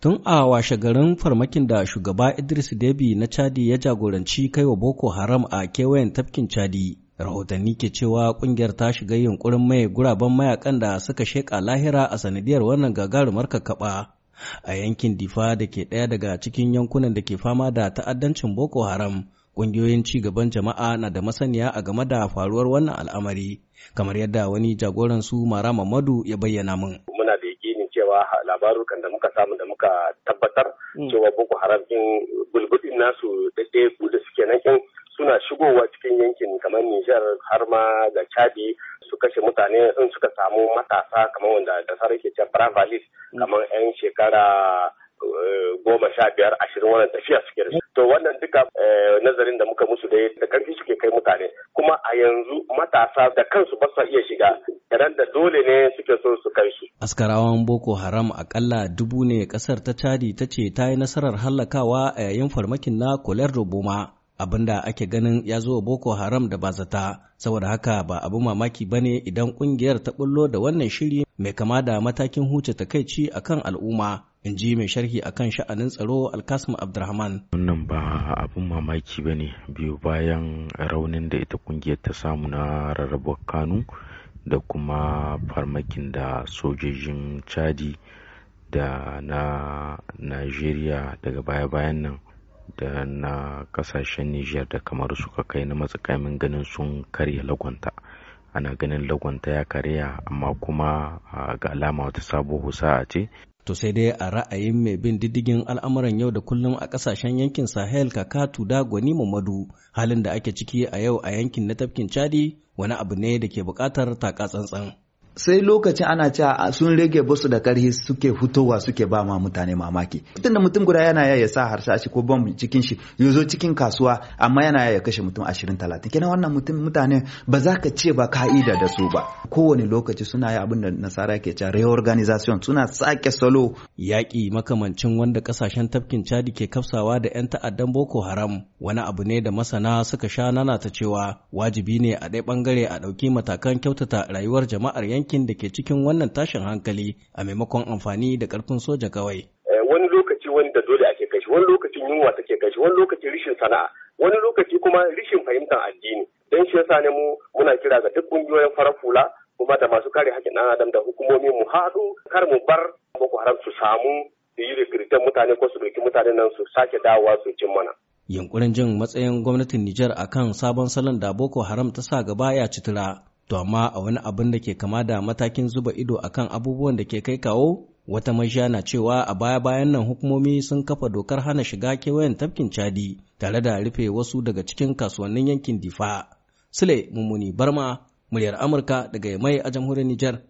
Tun a washe garin farmakin da shugaba Idris Debi na Chadi ya jagoranci kaiwa Boko Haram a kewayen tafkin Chadi, rahotanni ke cewa kungiyar ta shiga yunkurin mai guraben mayakan da suka sheƙa lahira a sanadiyar wannan gagarumar kakaba a yankin Difa da ke ɗaya daga cikin yankunan da ke fama da ta'addancin Boko Haram. Ƙungiyoyin ci gaban jama'a na da masaniya a game da faruwar wannan al'amari, kamar yadda wani jagoran su Mara Mamadu ya bayyana min. cewa labarukan da muka samu da muka tabbatar hmm. cewa boko haram din gulgudin nasu ɗaiɗaiku da suke nan kin suna shigowa cikin yankin kamar nijar har ma da Chadi su kashe mutane in suka samu matasa kamar wanda da sarar ke cewa kamar 'yan shekara goma sha biyar ashirin wannan tafiya suke da to wannan duka eh, nazarin da muka musu da da karfi suke kai mutane kuma a yanzu matasa da kansu ba su iya shiga ran da dole ne suke so su kai su askarawan boko haram akalla dubu ne kasar ta chadi ta ce ta yi nasarar hallakawa a yayin farmakin na kolar boma abinda ake ganin ya zo boko haram da ba zata saboda haka ba abu mamaki ba ne idan kungiyar ta bullo da wannan shiri mai kama da matakin huce takaici akan al'umma in ji mai sharhi a kan sha'anin tsaro alkasmu abdulrahman wannan ba abin mamaki ba ne biyu bayan raunin da ita kungiyar ta samu na rarrabar kanu da kuma farmakin da sojojin chadi da na nigeria daga baya-bayan nan da na kasashen niger da kamar suka kai na matsakamin ganin sun karya lagwanta ana ganin lagwanta ya karya amma kuma ah, ga alama wata sabuwar a ce To sai dai a ra'ayin mai bin diddigin al'amuran yau da kullum a kasashen yankin Sahel kakatu da gwani Mamadu halin da ake ciki a yau a yankin na tafkin Chadi wani abu ne da ke bukatar taka tsantsan. sai lokacin ana cewa sun rage basu da karhi suke hutowa suke ba ma mutane mamaki da mutum guda yana ya sa harsashi ko bom cikin shi zo cikin kasuwa amma yana ya kashe mutum 20 30 kenan wannan mutum mutane ba za ka ce ba ka'ida da su ba kowane lokaci suna yi abin da nasara ke cewa reorganization suna sake salo yaƙi makamancin wanda kasashen tafkin chadi ke kafsawa da 'yan ta'addan boko haram wani abu ne da masana suka sha nana ta cewa wajibi ne a ɗaya bangare a ɗauki matakan kyautata rayuwar jama'ar yankin yankin da ke cikin wannan tashin hankali a maimakon amfani da karfin soja kawai. Eh, wani lokaci da dole ake kashi, wani lokacin yunwa take kashi, wani lokacin rishin sana'a, wani lokaci kuma rishin fahimtar addini. Don shi yasa ne mu muna kira ga duk ƙungiyoyin farar hula kuma da masu kare haƙƙin ɗan adam da hukumomin mu haɗu kar mu bar Boko Haram su samu su yi rikiritan mutane ko su ɗauki mutane nan su sake dawowa su cin mana. Yunkurin jin matsayin gwamnatin Nijar akan sabon salon da Boko Haram ta sa gaba ya citira To amma a wani abin da ke kama da matakin zuba ido akan abubuwan da ke kai kawo wata mashiya na cewa a baya-bayan nan hukumomi sun kafa dokar hana shiga kewayen tafkin Chadi tare da rufe wasu daga cikin kasuwannin yankin Difa. Sule Mummuni Barma, muryar Amurka daga Mai a jamhuriyar Nijar.